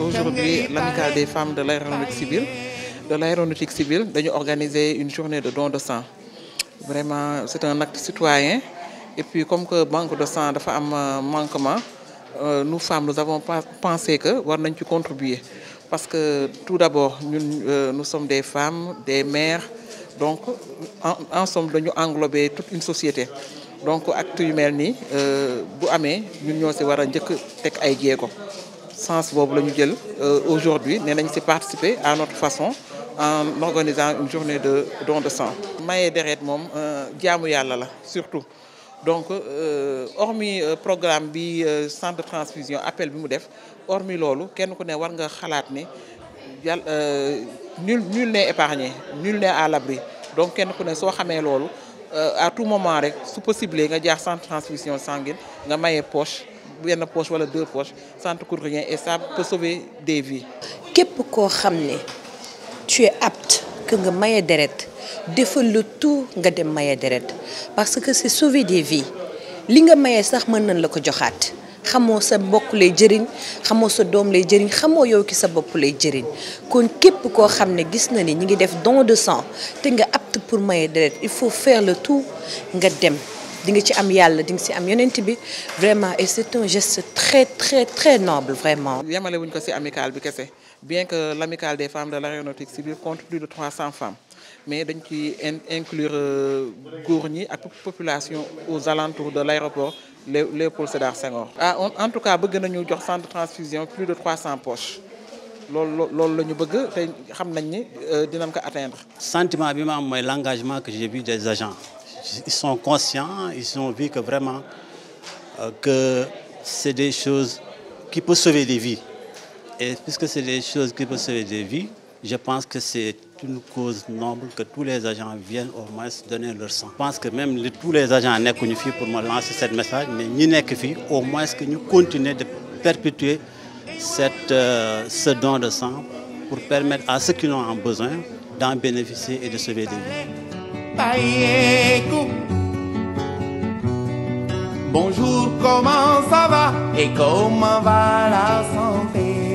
Aujourd'hui, l'amicale des femmes de l'aéronautique civile, de l'aéronautique civile, a organisé une journée de don de sang. Vraiment, c'est un acte citoyen. Et puis, comme que banque de sang, de euh, femmes manquement. Euh, nous femmes, nous avons pensé que nous devons contribuer. Parce que tout d'abord, nous, euh, nous, sommes des femmes, des mères, donc en, ensemble, nous englober toute une société. Donc, acte humain, nous devons sens boobu la ñu jël euh, aujourd'hui nous devons participer à notre façon en organisant une journée de don de sang. maye deret moom jaamu la surtout donc euh, hormis le euh, programme bi euh, centre de transfusion appel bi hormis loolu kenn ne war nga nul nul n'est épargné nul n'est à l'abri donc kenn ku ne soo xamee loolu à tout moment rek possible, possible nga a centre transfusion sanguine nga une poche benn poche wala deux poches centre coûte rien et ça peut sauver des vies. Que koo xam ne tu es apte que nga maye deret defal le tout nga dem maye deret parce que c'est sauver des vies li nga maye sax mën nañ la ko joxat xamo sa mbokk lay jëriñ xamo sa dom lay jëriñ xamo yow ki sa bopp lay jëriñ kon képp ko xam ne gis na ni ñi ngi def don de sang te nga apte pour maye deret il faut faire le tout nga dem di nga ci am yalla di nga ci am yonent bi vraiment et c'est un geste très très très noble vraiment. yemale wuñ ko ci amical bi kese bien que l'amical des femmes de l'aéronautique civile compte plus de 300 femmes mais qui inclure à euh, ñi population aux alentours de l'aéroport les Sédar Senghor. Ah, en tout cas bëgg nañu jox centre de transfusion plus de 300 poches ce que nous bëgg xam nañ ni euh, atteindre. sentiment bi l'engagement que j'ai vu des agents ils sont conscients ils ont vu que vraiment euh, que c'est des choses qui peuvent sauver des vies et puisque c'est des choses qui peuvent sauver des vies. Je pense que c'est une cause noble que tous les agents viennent au moins donner leur sang. Je pense que même tous les agents naient fille pour me lancer ce message mais n'est que fille au moins que nous continuons de perpétuer cette euh, ce don de sang pour permettre à ceux qui en ont besoin d'en bénéficier et de se des Bonjour, comment ça va et comment va la santé